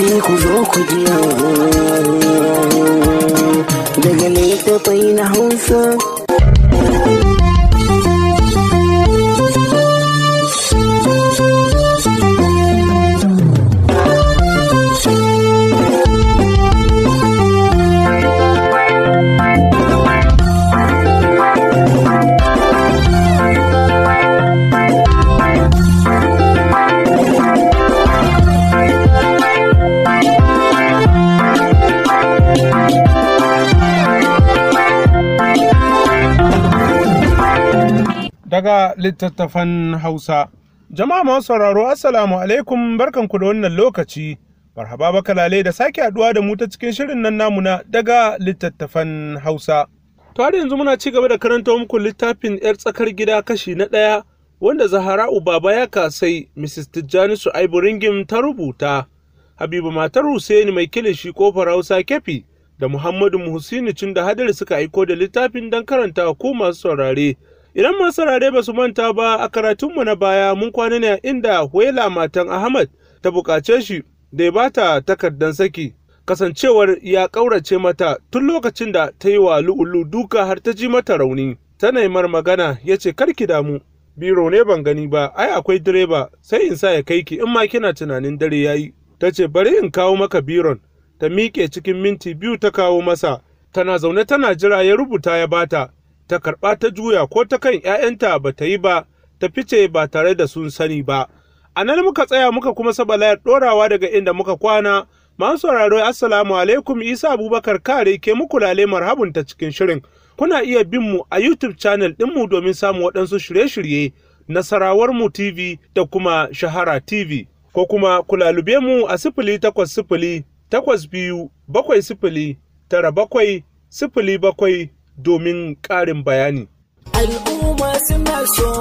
sai ku zo ku jiya daga littafai na hausa littattafan Hausa. Jama'a masu sauraro Assalamu alaikum barkanku da wannan lokaci. Marhaba bakalale da sake haɗuwa da mu ta cikin shirin nan namu na daga littattafan Hausa. To yanzu muna ci gaba da karanta muku littafin 'yar tsakar gida kashi na ɗaya wanda Zahara'u Baba ya kasai Mrs. Tijjani Su'aibu Ringim ta rubuta. Habibu matar Hussaini mai kilishi kofar Hausa Kefi da Muhammadu Muhusini cin da hadari suka aiko da littafin don karanta ku masu saurare. Idan masu saurare ba su manta ba a karatunmu na baya mun kwana ne inda Huela matan Ahmad ta buƙace shi da ya bata takardar saki kasancewar ya ƙaurace mata tun lokacin da ta yi wa lu'ulu duka har ta ji mata rauni. Ta naimar magana ya ce kar ki damu biro ne ban gani ba ai akwai direba sai in sa ya kai ki in ma kina tunanin dare ya yi. Ta ce bari in kawo maka biron ta miƙe cikin minti biyu ta kawo masa tana zaune tana jira ya rubuta ya bata ta karɓa ta juya ko ta kan ‘ya'yanta ba ta yi ba ta fice ba tare da sun sani ba. A nan muka tsaya muka kuma saba layar ɗorawa daga inda muka kwana, masu sauraro Assalamu alaikum Isa Abubakar Kare ke muku lale marhabun cikin shirin. Kuna iya bin mu a YouTube channel ɗinmu domin samun waɗansu shirye-shirye na mu TV da kuma Shahara TV. Ko kuma kula lube mu a sifili takwas sifili takwas biyu bakwai sifili tara bakwai sifili bakwai domin ƙarin bayani. Al'umma suna so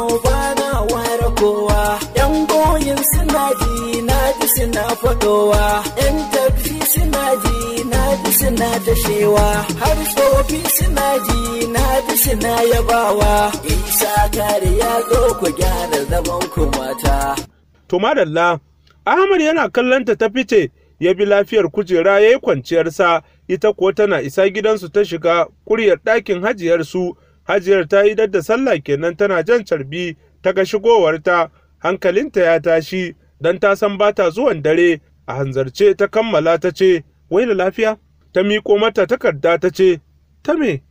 na ware kowa, ‘yan goyin suna ji na ji suna faɗowa, ‘yan tafi suna ji na ji suna tashewa, har tsofi suna ji na ji suna yabawa, isa kare ya zo ku gyara zaman kumata mata. To madalla, Ahmad yana kallon ta fice ya bi lafiyar kujera ya yi kwanciyarsa ita kuwa tana isa gidansu ta shiga kuryar ɗakin hajiyarsu hajiyar ta yi dadda sallah kenan tana jan carbi ta ga shigowarta hankalinta ya tashi don ta san ba ta zuwan dare a hanzarce ta kammala ta ce wai da lafiya ta miƙo mata takarda ta ce ta me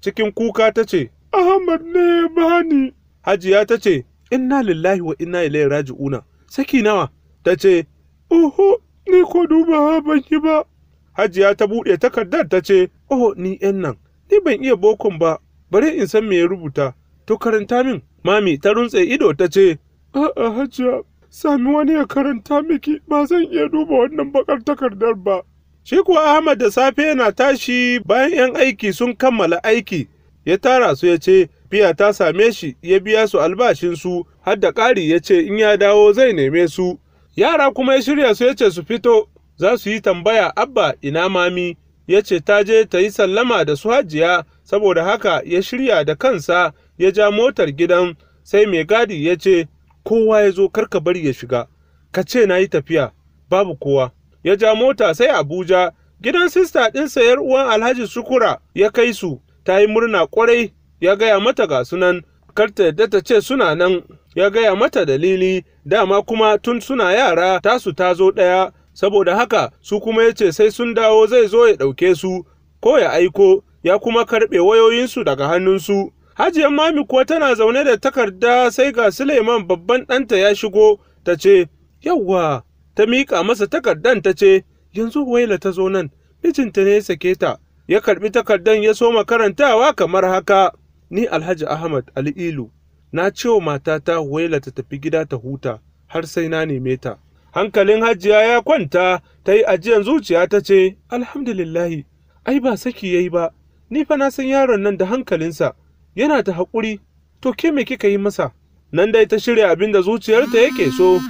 cikin kuka ta ce ahmad ne bani hajiya ta ce inna lillahi wa inna ilaihi raji'una saki nawa ta ce oho ni ko duba ban yi ba Hajiya ta buɗe takardar ta ce, "Oh, ni ‘yan nan, ni ban iya bokon ba, bari in san me ya rubuta, to karanta min." Mami ta runtse ido ta ce, "A'a, Hajiya, sami wani ya karanta miki, ba zan iya duba wannan bakar takardar ba." Shi kuwa Ahmad da safe yana tashi bayan ‘yan aiki sun kammala aiki, ya tara su ya ce, Fiya ta same shi, ya biya su albashinsu, har da ƙari ya ce in ya dawo zai neme su. Yara kuma ya shirya su ya ce su fito, za su yi tambaya abba ina mami ya ce ta je ta yi sallama da su hajiya saboda haka ya shirya da kansa ya ja motar gidan sai mai gadi ya ce kowa ya zo karka bari ya shiga ka ce na yi tafiya babu kowa ya ja mota sai abuja gidan sista ɗinsa yar uwan alhaji sukura ya kai su ta yi murna kwarai ya gaya mata ga sunan karta yadda ta ce suna nan ya gaya mata dalili dama kuma tun suna yara tasu ta zo ɗaya saboda haka su kuma ya ce sai sun dawo zai zo ya ɗauke su ko ya aiko ya kuma karɓe wayoyinsu daga hannunsu. Hajiyar Mami kuwa tana zaune da takarda sai ga Suleiman babban ɗanta ya shigo ta ce, Yawwa, ta miƙa masa takardan ta ce, Yanzu waila ta zo nan, mijinta ne ya sake ta, ya karɓi takardan ya soma karantawa kamar haka. Ni Alhaji Ahmad Ali Ilu. na ce wa matata waila ta tafi gida ta huta har sai na neme ta. hankalin hajiya ya kwanta ta yi ajiyan zuciya ta ce alhamdulillahi ai ba saki yayi ba ni fa na san yaron nan da hankalinsa yana ta haƙuri to ke me kika yi masa nan dai ta shirya abin da zuciyarta yake so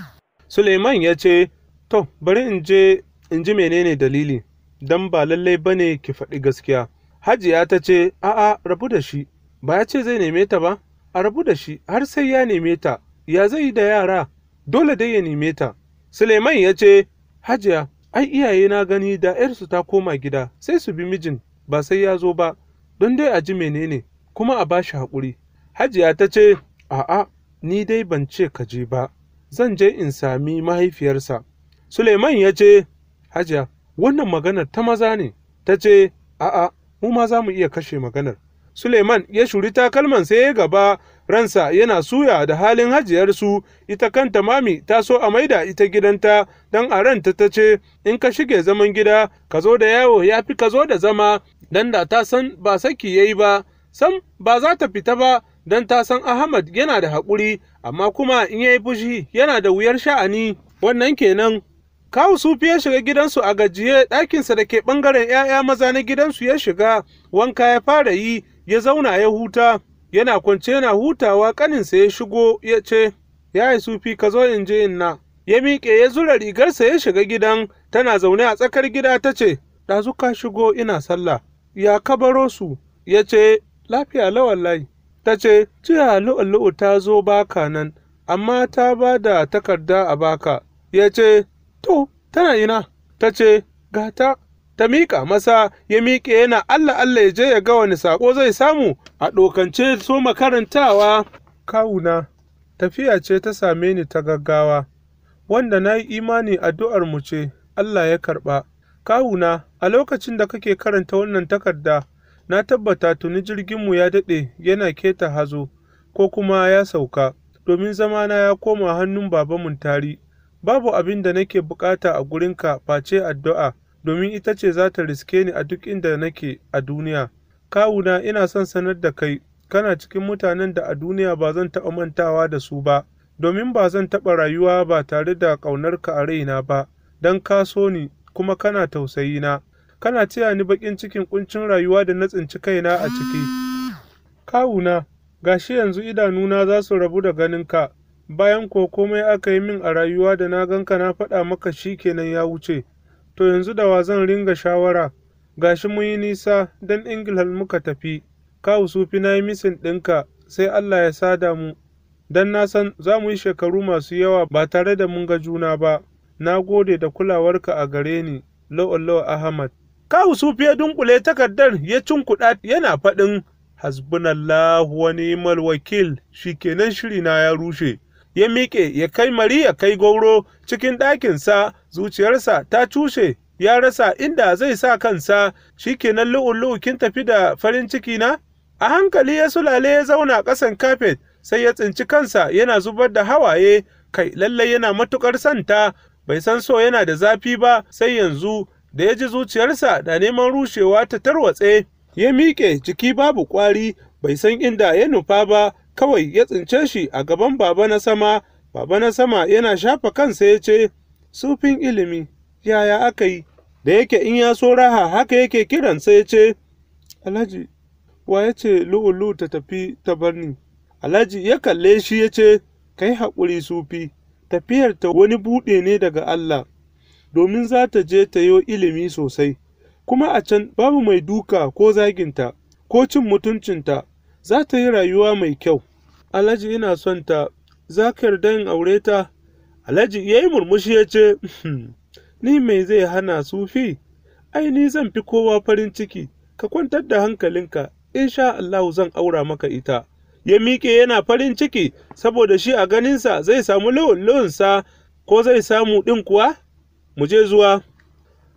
suleiman ya ce to bari in je in ji menene dalili don ba lallai ba ne ki faɗi gaskiya hajiya ta ce a'a rabu da shi ba ya ce zai neme ta ba a rabu da shi har sai ya neme ta ya zai yi da yara dole dai ya neme ta Suleiman ya ce, Hajiya, ai iyaye na gani da ‘yarsu ta koma gida, sai su bi mijin, ba sai ya zo ba, don dai a ji menene, kuma a bashi haƙuri. Hajiya ta ce, A'a, ni dai ban ce ka je ba, zan je in sami mahaifiyarsa. Suleiman ya ce, Hajiya, wannan maganar ta maza ne, ta ce, A'a, mu ma za mu iya kashe maganar. Suleiman ya shuri takalman sai ya gaba ransa yana suya da halin hajiyarsu ita kanta mami ta so a maida ita gidanta don a ranta ta ce in ka shige zaman gida ka zo da yawo ya fi ka zo da zama don da ta san ba saki ya yi ba sam ba za ta fita ba don ta san ahmad yana da haƙuri amma kuma in ya yi fushi yana da wuyar sha'ani wannan kenan kawu sufi ya shiga gidansu a gajiye ɗakinsa da ke ɓangaren 'ya'ya maza na gidansu ya shiga wanka ya fara yi ya zauna ya huta yana kwance yana hutawa ƙaninsa ya shigo ya ce, Ya yi sufi ka zo in je inna. Ya miƙe ya zura rigarsa ya shiga gidan tana zaune a tsakar gida ta ce, Ɗazu ka shigo ina sallah, ya kabaro su, ya ce, Lafiya lawallai, Ta ce, Jiya lu'ulu'u ta zo baka nan, amma ta ba da takarda a baka. Ya ce, To, tana ina. Ta ce, Gata, ta miƙa masa ya miƙe yana Allah Allah ya je ya ga wani saƙo zai samu a ɗokance so makarantawa. Kawuna, tafiya ce ta same ni ta gaggawa, wanda na yi imani addu'ar mu ce Allah ya karɓa. Kawuna, a lokacin da kake karanta wannan takarda, na tabbata tuni jirginmu ya daɗe yana keta hazo, ko kuma ya sauka, domin zamana ya koma hannun babamun tari. Babu abin da nake bukata a gurinka face addu'a. domin ita ce za ta riske ni a duk inda nake a duniya. Kawuna ina son sanar da kai, kana cikin mutanen da a duniya ba zan taɓa mantawa da su ba, domin ba zan taɓa rayuwa ba tare da ƙaunarka a raina ba, don ka so ni kuma kana tausayi na. Kana cewa ni baƙin cikin ƙuncin rayuwa da na tsinci kaina a ciki. Kawuna, gashi yanzu idanuna za su rabu da ganinka, bayan ko komai aka yi min a rayuwa da na ganka na faɗa maka shi kenan ya wuce. to yanzu da wa zan ringa shawara gashi mun yi nisa don ingilal muka tafi kawu sufi na yi misin ɗinka sai allah ya sada mu don na san za mu yi shekaru masu yawa ba tare da mun ga juna ba na gode da kulawarka a gare ni lo'allo ahmad kawu sufi ya dunkule takardar ya kuɗa yana faɗin hasbunallahu wa ni'mal wakil shikenan shiri na ya rushe ya miƙe ya kai mari ya kai gauro cikin ɗakinsa zuciyarsa ta cushe ya rasa inda zai sa kansa shikenan lu'u-lu'u kin tafi da farin ciki na a hankali ya sulale ya zauna ƙasan kafet sai ya tsinci kansa yana zubar da hawaye kai lallai yana matuƙar santa bai san so yana da zafi ba sai yanzu da ya ji zuciyarsa da neman rushewa ta tarwatse ya miƙe jiki babu ƙwari bai san inda ya nufa ba kawai ya tsince shi a gaban baba na sama baba na sama yana shafa kansa ya ce sufin ilimi yaya aka yi da yake in ya so raha haka yake kiran sai ya ce alhaji wa ya ce lu'ulu ta tafi ta barni alhaji ya kalle shi ya ce kai haƙuri sufi tafiyar ta wani buɗe ne daga Allah domin za ta je ta yi ilimi sosai kuma a can babu mai duka ko zaginta ko cin mutuncinta za ta yi rayuwa mai kyau alhaji ina son ta za ka yarda yin aure ta Alhaji ya yi murmushi ya ce, hmm, Ni mai zai hana sufi, ai ni zan fi kowa farin ciki, ka kwantar da hankalinka, sha Allahu zan aura maka ita. Ya miƙe yana farin ciki, saboda shi a ganinsa zai samu lawon ko zai samu ɗin kuwa? Mu je zuwa.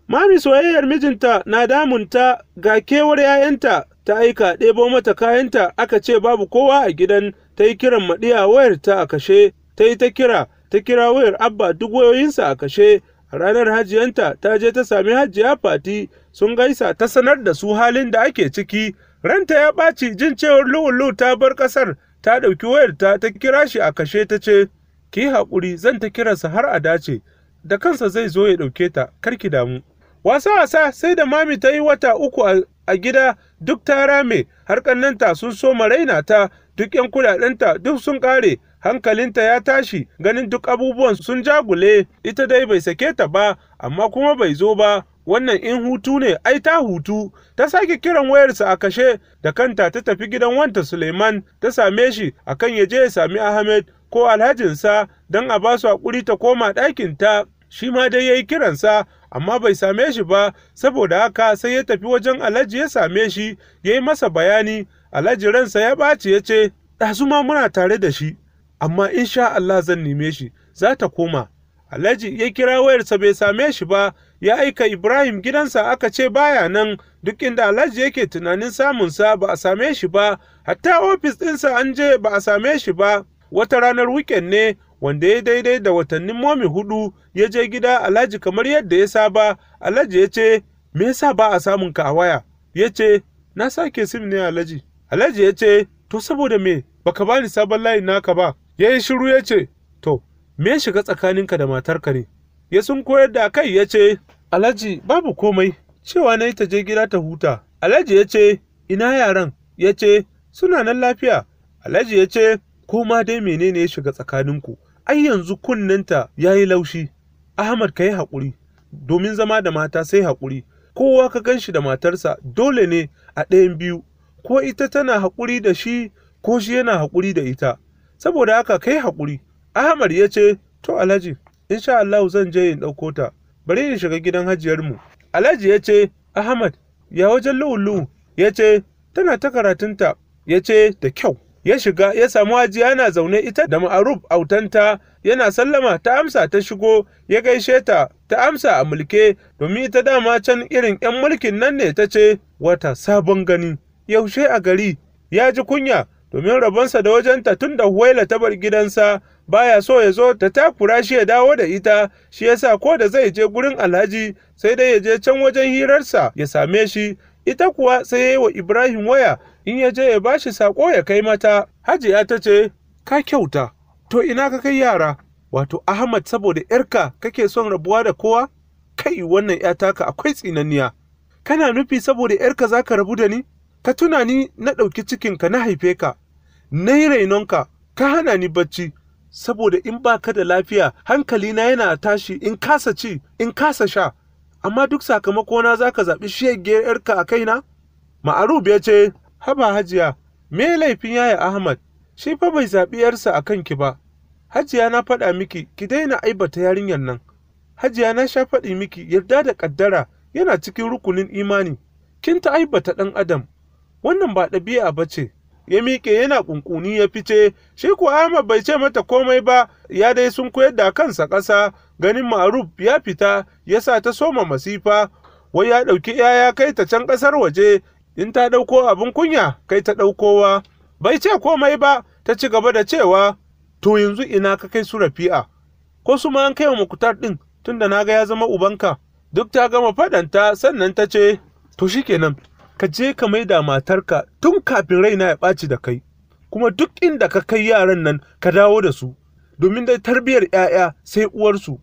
Mami soyayyar mijinta na damunta ga kewar ‘ya'yanta ta aika ɗebo mata kayanta aka ce babu kowa a gidan ta yi kiran maɗiya wayarta a kashe ta yi ta kira ta kira wayar abba duk wayoyinsa a kashe a ranar hajiyanta ta je ta sami hajiya fati sun gaisa ta sanar da su halin da ake ciki ranta ya ɓaci jin cewar lu'u-lu'u ta bar ƙasar ta ɗauki wayarta ta kira shi a kashe ta ce ki haƙuri zan ta kiransa har a dace da kansa zai zo ya ɗauke ta kar ki damu wasa wasa sai da mami ta yi wata uku a gida duk ta rame har ƙannanta sun so raina ta duk 'yan kuɗaɗenta duk sun ƙare hankalinta ya tashi ganin duk abubuwan sun jagule ita dai bai sake ta ba amma kuma bai zo ba wannan in hutu ne ai ta hutu ta sake kiran wayarsa a kashe da kanta ta tafi gidan wanta Suleiman ta same shi akan ya je ya sami Ahmed ko alhajinsa don a ba su haƙuri ta koma ɗakinta shi ma dai ya yi kiransa amma bai same shi ba saboda haka sai ya tafi wajen alhaji ya same shi ya yi masa bayani alhaji ransa ya ɓaci ya ce ɗazu ma muna tare da shi amma in sha Allah zan neme shi za ta koma Alhaji ya kira wayarsa bai same shi ba ya aika Ibrahim gidansa aka ce baya nan duk inda Alhaji yake tunanin samunsa ba a same shi ba hatta ofis ɗinsa an je ba a same shi ba wata ranar weekend ne wanda ya daidai da watannin momi hudu ya je gida Alhaji kamar yadda ya saba Alhaji ya ce me yasa ba a samun ka a waya ya ce na sake sim ne Alhaji Alhaji ya ce to saboda me baka bani sabon layin naka ba Ya yi shiru ya ce, To, me shiga tsakaninka da matarka ne? Ya sun koyar da kai ya ce, Alhaji babu komai, cewa na yi ta je gida ta huta. Alhaji ya ce, Ina yaran? Ya ce, Suna nan lafiya. Alhaji ya ce, Ko ma dai menene ya shiga tsakaninku? Ai yanzu kunnenta ya yi laushi. Ahmad ka yi haƙuri, domin zama da mata sai haƙuri. Kowa ka gan shi da matarsa dole ne a ɗayan biyu, ko ita tana haƙuri da shi ko shi yana haƙuri da ita. saboda haka kai haƙuri ahmad ya ce to alhaji insha allahu zan je in ɗauko ta bari in shiga gidan hajiyarmu alhaji ya ce ahmad ya wajen lulu ya ce tana ta karatunta ya ce da kyau ya shiga ya samu hajiya yana zaune ita da ma'aruf autanta yana sallama ta amsa ta shigo ya gaishe ta ta amsa a mulke domin ita dama can irin 'yan mulkin nan ne ta ce wata sabon gani yaushe a gari ya ji kunya domin rabonsa da wajenta tun da huwaila ta bar gidansa baya so ya zo ta takura shi ya dawo da ita shi yasa ko da zai je gurin alhaji sai dai ya je can wajen hirarsa ya same shi ita kuwa sai ya yi wa ibrahim waya in ya je ya ba shi saƙo ya kai mata hajiya ta ce ka kyauta to ina ka kai yara wato ahmad saboda yarka kake son rabuwa da kowa kai wannan ya taka akwai tsinanniya kana nufi saboda yarka zaka rabu da ni ka tuna ni na ɗauki cikinka na haife ka na yi rainonka ka hana ni bacci saboda in ba ka da lafiya hankali na yana tashi in kasa ci in kasa sha amma duk sakamakona za ka zaɓi shegiyar yarka a kaina ma'arub ya ce haba hajiya me laifin yaya ahmad shi fa bai zaɓi yarsa a kanki ba hajiya na faɗa miki ki daina aibata yarinyar nan hajiya na sha faɗi miki yarda da ƙaddara yana cikin rukunin imani kin ta aibata ɗan adam wannan ba ɗabi'a ba ce ya miƙe yana ƙunƙuni ya fice shi kuwa ahmad bai ce mata komai ba ya dai sun koyar da kansa ƙasa ganin ma'aruf ya fita ya sa ta soma masifa wai ya ɗauki 'ya'ya kai ta can ƙasar waje in ta ɗauko abin kunya kai ta ɗaukowa bai ce komai ba ta ci gaba da cewa to yanzu ina ka kai su rafi'a ko su ma an kai wa makutar ɗin tunda na ga ya zama ubanka duk ta gama faɗanta sannan ta ce to shikenan ka je ka mai da matarka tun kafin raina ya ɓaci da kai kuma duk inda ka kai yaran nan ka dawo da su domin dai tarbiyyar 'ya'ya sai uwarsu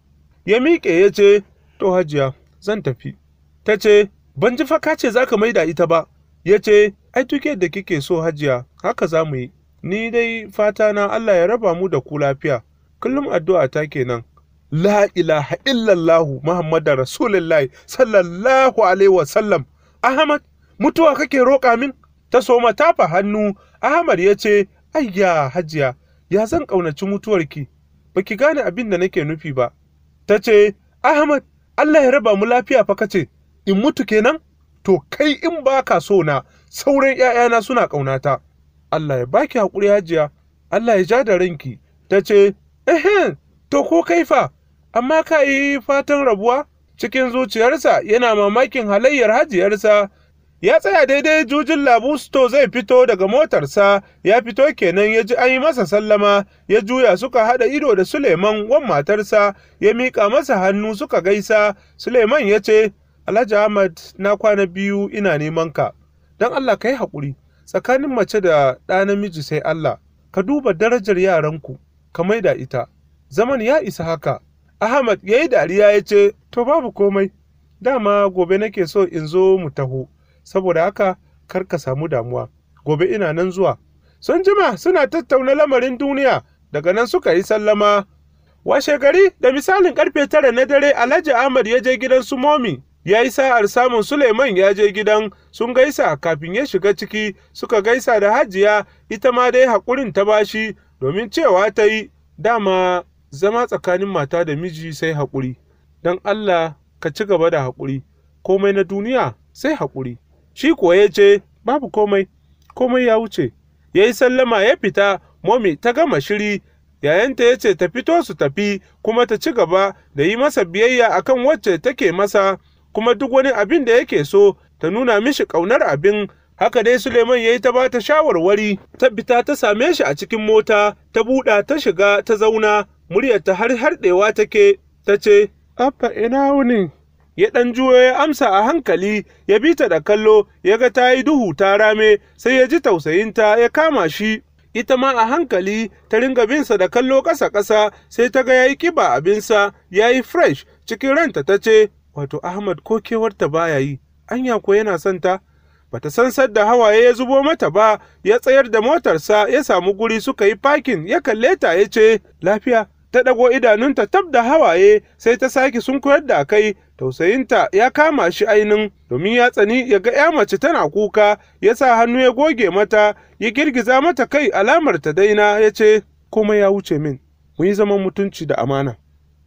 ya miƙe ya ce to hajiya zan tafi ta ce ban ji faka ce za ka da ita ba ya ce ai duk yadda kike so hajiya haka za mu yi ni dai fata na Allah ya raba mu da ku lafiya kullum addu'a ta kenan la ilaha illallah muhammadar rasulullahi sallallahu alaihi wasallam ahmad mutuwa kake roƙa min ta soma tafa hannu ahmad ya ce ayya hajiya ya zan ƙaunaci mutuwarki Ba ki gane abin da nake nufi ba ta ce ahmad allah ya raba mu lafiya fa kace in mutu kenan to kai in ba ka so na sauran ‘ya'yana suna ƙaunata allah ya baki haƙuri hajiya allah ya ja da ranki ta ce ehen to ko kai fa amma ka yi fatan rabuwa cikin zuciyarsa yana mamakin halayyar hajiyarsa ya tsaya daidai jujin labusto zai fito daga motarsa ya fito kenan ya ji an yi masa sallama ya juya suka haɗa ido da suleiman wan matarsa ya mika masa hannu suka gaisa suleiman ya ce alhaji ahmad na kwana biyu ina neman ka don allah ka yi haƙuri tsakanin mace da ɗa namiji sai allah ka duba darajar yaranku ka maida ita zaman ya isa haka ahmad ya yi dariya ya ce to babu komai dama gobe nake so in zo mu taho saboda haka kar ka samu damuwa gobe ina nan zuwa sun jima suna tattauna lamarin duniya daga nan suka yi sallama washe gari da misalin karfe tara na dare alhaji ahmad ya je gidan su momi ya yi sa'ar samun suleiman ya je gidan sun gaisa kafin ya shiga ciki suka gaisa da hajiya ita ma dai haƙurin ta bashi domin cewa ta yi dama zama tsakanin mata da miji sai haƙuri don allah ka ci gaba da haƙuri komai na duniya sai haƙuri shi kuwa ya ce babu komai komai ya wuce ya yi sallama ya fita momi ta gama shiri yayanta ya ce ta fito su tafi kuma ta ci gaba da yi masa biyayya akan wacce take masa kuma duk wani abin da yake so ta nuna mishi ƙaunar abin haka dai suleiman ya yi ta ba ta shawarwari ta fita ta same shi a cikin mota ta buɗa ta shiga ta zauna muryarta har harɗewa take ta ce ina ya ɗan juyo ya amsa a hankali ya bi ta da kallo ya ga ta yi duhu ta rame sai ya ji tausayinta ya kama shi ita ma a hankali ta ringa binsa da kallo ƙasa-ƙasa sai ta ga ya yi ƙiba abinsa ya yi fresh cikin ranta ta ce wato ahmad ko kewarta baya yi anya ko yana son ta bata san sadda hawaye ya zubo mata ba ya tsayar da motarsa ya samu guri suka yi parkin ya kalle ta ya ce lafiya ta ɗago idanunta tab da hawaye sai ta sake sun koyar da kai tausayinta ya kama shi ainin domin ya tsani ya ga ya mace tana kuka ya sa hannu ya goge mata ya girgiza mata kai alamar ta daina ya ce komai ya wuce min Mun yi zaman mutunci da amana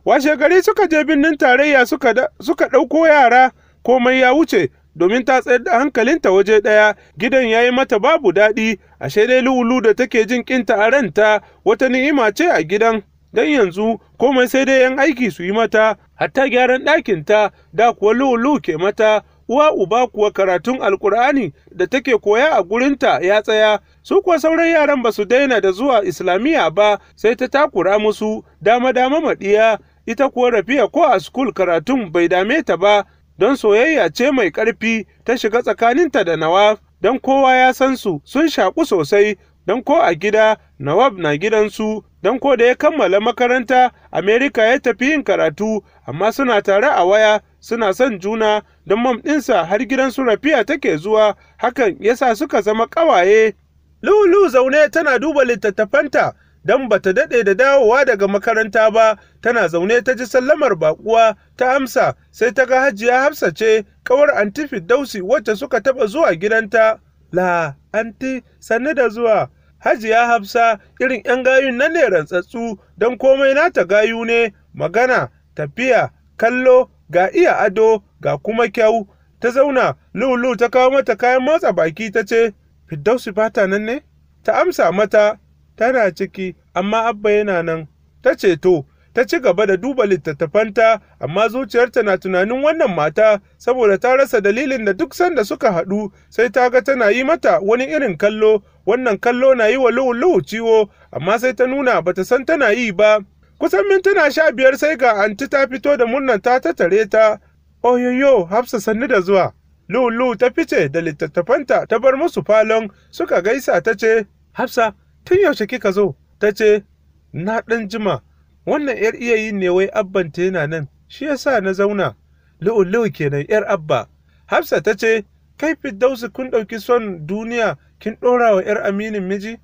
washe gari suka je birnin tarayya suka ɗauko yara komai ya wuce domin ta tsayar da hankalinta waje ɗaya gidan ya yi mata babu daɗi ashe dai lulu da take jin ƙinta a ranta wata ni'ima ce a gidan don yanzu komai sai dai 'yan aiki su yi mata hatta gyaran ɗakinta da kuwa lulu ke mata uwa uba kuwa karatun alkur'ani da take koya a gurinta ya tsaya su kuwa sauran yaran ba su daina da zuwa islamiyya ba sai ta takura musu dama dama maɗiya ita kuwa rafiya ko a skul karatun bai dame ta ba don soyayya ce mai ƙarfi ta shiga tsakaninta da nawaf don kowa ya san su sun shaƙu sosai don ko a gida nawab na gidansu don ko da ya kammala makaranta amerika ya tafi yin karatu amma suna tare a waya suna son juna don mam ɗinsa har gidansu rafiya take zuwa hakan ya sa suka zama ƙawaye lulu zaune tana duba littattafanta don ba ta daɗe da dawowa daga makaranta ba tana zaune ta ji sallamar bakuwa ta amsa sai ta ga hajiya hafsa ce kawar anti dausi wacce suka taɓa zuwa gidanta la anti sanne da zuwa hajiya hafsa irin 'yan gayun na ne rantsatsu don komai nata gayu ne magana tafiya kallo ga iya ado ga kuma kyau ta zauna lulu ta kawo mata kayan motsa baki ta ce firdausi fata nan ne ta amsa mata tana ciki amma abba yana nan ta ce to ta ci gaba da duba littattafanta amma zuciyarta na tunanin wannan mata saboda ta rasa dalilin da duk sanda suka haɗu sai ta ga tana yi mata wani irin kallo wannan kallo na yi wa lu'u-lu'u ciwo amma sai ta nuna bata san tana yi ba kusan mintuna sha biyar sai ga anti ta fito da murnan ta ta tare ta oyoyo hafsa sannu da zuwa lu'u-lu'u ta fice da littattafanta ta bar musu falon suka gaisa ta ce hafsa tun yaushe kika zo ta ce na ɗan jima wannan ‘yar iyayin ne wai Abban abbanta yana nan, shi ya sa na zauna, lu'u-lu'u kenan ‘yar abba. Hafsa ta ce, kai Firdausu kun ɗauki son duniya kin ɗora wa ‘yar aminin miji?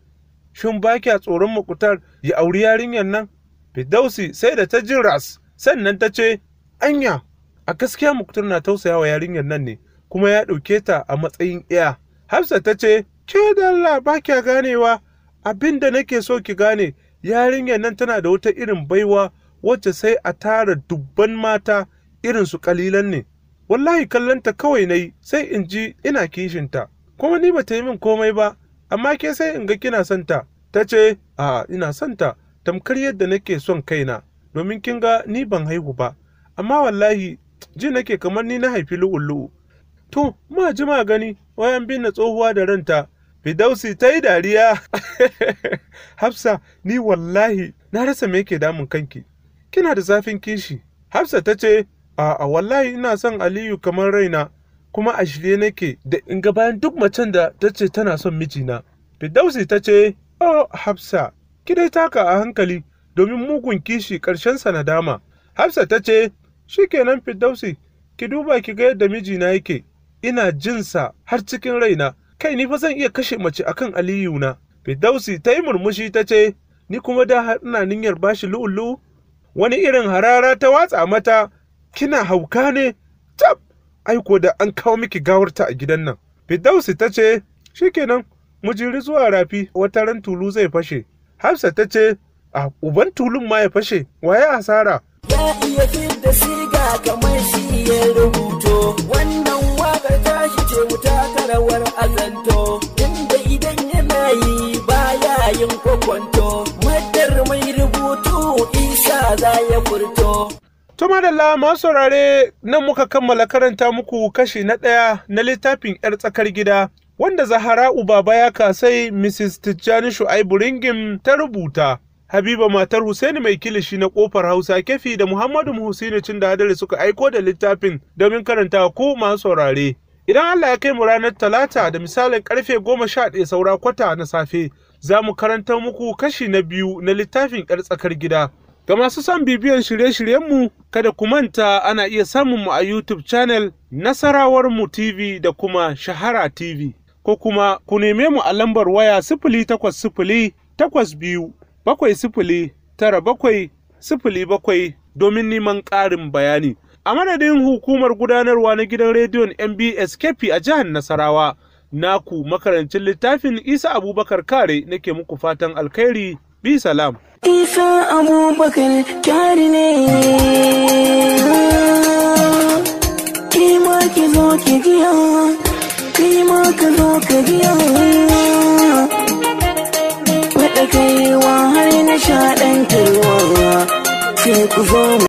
Shin ba kya tsoron mukutar ya auri yarinyar nan? Firdausi sai da ta jin ras, sannan ta ce, anya, a gaskiya mukutar na tausaya wa yarinyar nan ne, kuma ya ɗauke ta a matsayin ɗaya. Hafsa ta ce, ke da Allah ba kya ganewa, abin da nake so ki gane, yarinyar nan tana da wata irin baiwa wacce sai a tara dubban mata irin su kalilan ne wallahi kallonta kawai nayi sai in ji ina kishinta kuma ni ba ta yi min komai ba amma ke sai in ga kina son ta ta ce a ina son ta tamkar yadda nake son kaina domin kin ga ni ban haihu ba amma wallahi ji nake kamar ni na haifi lu'u-lu'u to ma ji ma gani wayan bin na tsohuwa da ranta Fidausi ta yi dariya. Hafsa, ni wallahi na rasa me yake damun kanki. Kina da zafin kishi. Hafsa ta ce, A'a wallahi ina son Aliyu kamar raina, kuma a shirye nake da in ga bayan duk macen da ta ce tana son mijina. Fidausi ta ce, Oh, Hafsa, ki dai taka a hankali domin mugun kishi sa na dama. Hafsa ta ce, shi kenan Fidausi, ki duba ki ga yadda mijina yake, ina jinsa har cikin raina. kai ni fa zan iya kashe mace akan aliyu na firdausi ta yi murmushi ta ce, Ni kuma da ina niyyar bashi lu'ulu? Wani irin harara ta watsa mata, kina hauka ne? Tab, aiko da an kawo miki gawarta a gidan nan. Fidausi ta ce, Shikenan, mu jiri zuwa rafi, wata ran tulu zai fashe. Hafsa ta ce, A uban tulun ma ya fashe, waye asara? Ya iya fidda siga kamar shi ya rubuto, wannan waƙar tashi ce wuta ta rawar azanto inda idan yana yi baya yin kwakwanto madar mai rubutu isa za ya furto To madalla masu saurare nan muka kammala karanta muku kashi na ɗaya na littafin 'yar tsakar gida wanda Zahara'u Baba ya kasai Mrs. Tijjani Shu'aibu Ringim ta rubuta. Habiba matar Husaini mai kilishi na kofar Hausa kefi da Muhammadu Husaini cin da hadari suka aiko da littafin domin karanta ko masu saurare. Idan Allah ya kai mu ranar Talata da misalin karfe goma sha ɗaya saura kwata na safe, za mu karanta muku kashi na biyu na littafin ƙar tsakar gida. Ga masu son bibiyan shirye-shiryenmu, kada ku manta ana iya samun mu a YouTube channel nasarawar mu TV da kuma Shahara TV, ko kuma ku neme mu a lambar waya sifili takwas sifili takwas biyu bakwai sifili tara bakwai sifili bakwai domin neman ƙarin bayani. A madadin hukumar gudanarwa na gidan rediyon MBS KP a jihar Nasarawa, naku makarancin littafin Isa Abubakar Kare nake muku fatan alkhairi bi salam. Isa Abubakar Kare ne, kima ki zo ki giya, kima ka zo ka giya. sha nishaɗantarwa sai ku zo